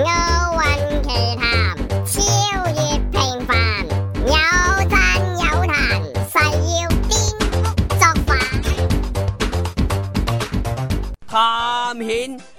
奧運奇談，超越平凡，有讚有彈，誓要顛覆作法。探險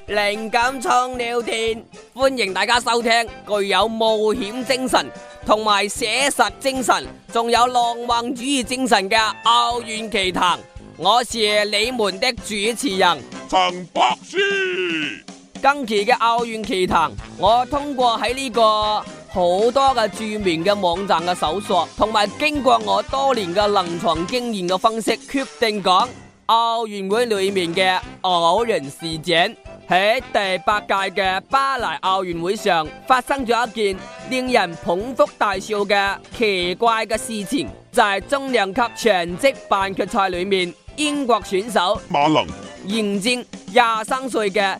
靈感充了電，歡迎大家收聽具有冒險精神同埋寫實精神，仲有浪漫主義精神嘅奧運奇談。我是你們的主持人陳博士。今期嘅奧運奇談，我通過在這個很多嘅著名的網站的搜索，同埋經過我多年的臨床經驗的分析，決定講奧運會裏面的偶然事件。在第八屆的巴黎奧運會上發生了一件令人捧腹大笑的奇怪的事情，就係中量級長職半決賽裏面，英國選手馬龍迎戰廿三歲的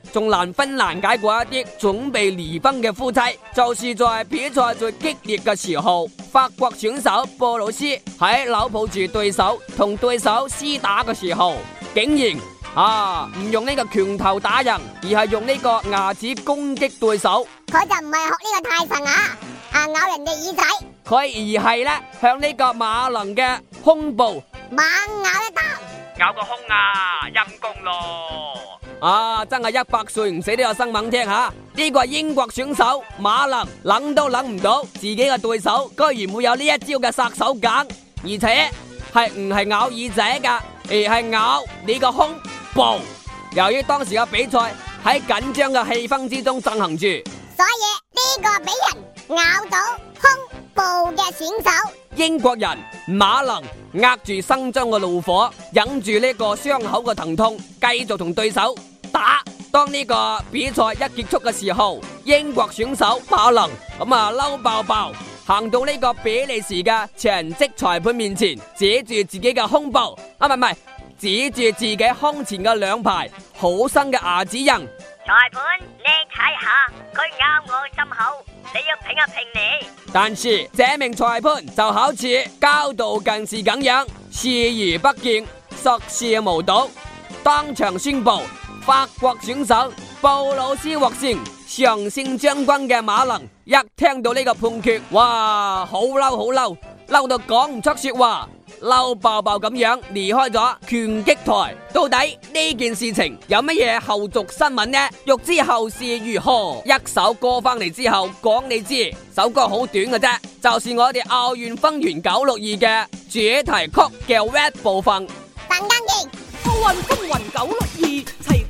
仲難分難解過一啲準備離婚嘅夫妻，就是在比賽最激烈嘅時候，法國選手布魯斯喺扭抱住對手同對手廝打嘅時候，竟然啊唔用呢個拳頭打人，而係用呢個牙齒攻擊對手，啊。佢就唔係學呢個泰神牙啊咬人嘅耳仔，佢而係咧向呢個馬龍嘅胸部猛咬一刀，咬個胸啊，陰功咯！啊！真係一百歲唔死都有新聞聽吓，呢個英國選手馬林諗都諗唔到，自己嘅對手居然會有呢一招嘅殺手鐧，而且係唔係咬耳仔嘅，而係咬你個胸部。由於當時嘅比賽喺緊張嘅氣氛之中進行住，所以呢個俾人咬到胸部嘅選手，英國人馬林握住心中嘅怒火，忍住呢個傷口嘅疼痛，繼續同對手。啊、當呢個比賽一結束嘅時候，英國選手馬倫咁啊嬲爆爆行到呢個比利時嘅長職裁判面前，指住自己嘅胸部啊，唔係唔係，指住自己胸前嘅兩排好生嘅牙齒印。裁判，你睇下佢咬我心口，你要評一評你。但是這名裁判就好似教導近視咁樣，視而不見，熟視無睹，當場宣布。法國選手布魯斯獲勝，常勝將軍嘅馬能一聽到呢個判決，哇，好嬲，好嬲，嬲到講唔出說話，嬲爆爆咁樣離開咗拳擊臺。到底呢件事情有乜嘢後續新聞呢？欲知後事如何，一首歌翻嚟之後講你知。首歌好短嘅啫，就是我哋奧運風雲九六二嘅主題曲嘅 rap 部分。陳家傑，奧運風雲九六二。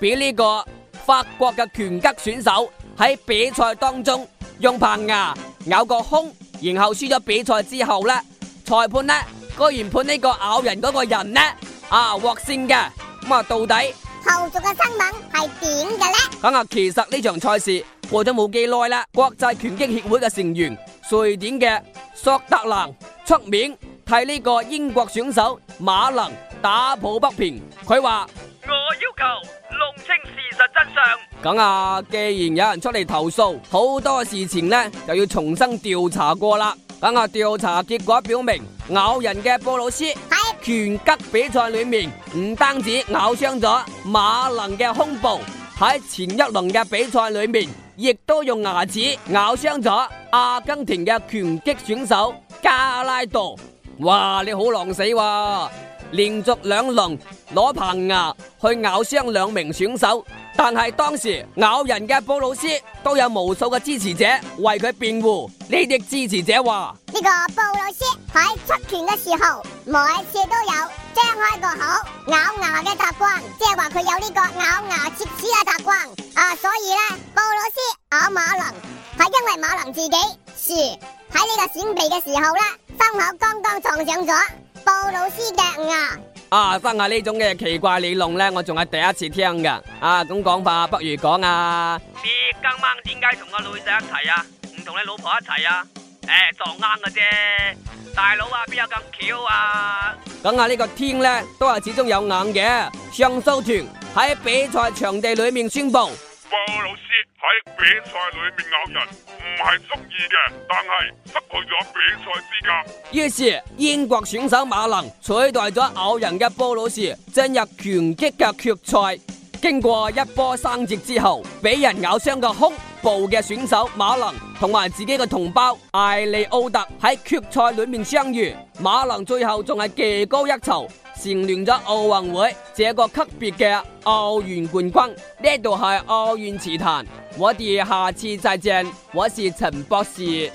俾呢個法國嘅拳擊選手喺比賽當中用棚牙咬個胸，然後輸咗比賽之後啦，裁判呢居然判呢個咬人嗰個人呢啊獲勝嘅咁啊？到底後續嘅新聞係點嘅咧？咁啊，其實呢場賽事過咗冇幾耐啦。國際拳擊協會嘅成員瑞典嘅索德蘭出面替呢個英國選手馬林打抱不平，佢話我要求。弄清事實真相。咁啊，既然有人出嚟投訴，好多事情呢又要重新調查過啦。咁啊，調查結果表明，咬人嘅布魯斯喺拳擊比賽裏面唔單止咬傷咗馬能嘅胸部，喺前一輪嘅比賽裏面，亦都用牙齒咬傷咗阿根廷嘅拳擊選手加拉多。哇！你好狼死哇、啊！連續兩輪攞棚牙去咬傷兩名選手，但係當時咬人嘅布老師都有無數嘅支持者為佢辯護。呢啲支持者話：呢個布老師喺出拳嘅時候，每次都有張開個口咬牙嘅習慣，即係話佢有呢個咬牙切齒嘅習慣。啊，所以咧，布老師咬馬龍係因為馬龍自己是喺呢個閃避嘅時候啦。傷口剛剛撞上咗布老師嘅牙啊！生下呢種嘅奇怪理論咧，我仲係第一次聽噶。啊，咁講法不如講啊。你今晚點解同個女仔一齊啊？唔同你老婆一齊啊？誒，撞啱嘅啫。大佬啊，邊有咁巧啊？咁啊，呢個天咧都係始終有眼嘅。上訴團喺比賽場地裏面宣布，布老。喺比賽裏面咬人唔係中意嘅，但係失去咗比賽資格。於是英國選手馬林取代咗咬人嘅波魯士進入拳擊嘅決賽。經過一波三折之後，俾人咬傷個胸。部嘅選手馬能同埋自己嘅同胞艾利奧特喺決賽裏面相遇，馬能最後仲係技高一籌，蟬聯咗奧運會這個級別嘅奧運冠軍。呢度係奧運奇談，我哋下次再見，我是陳博士。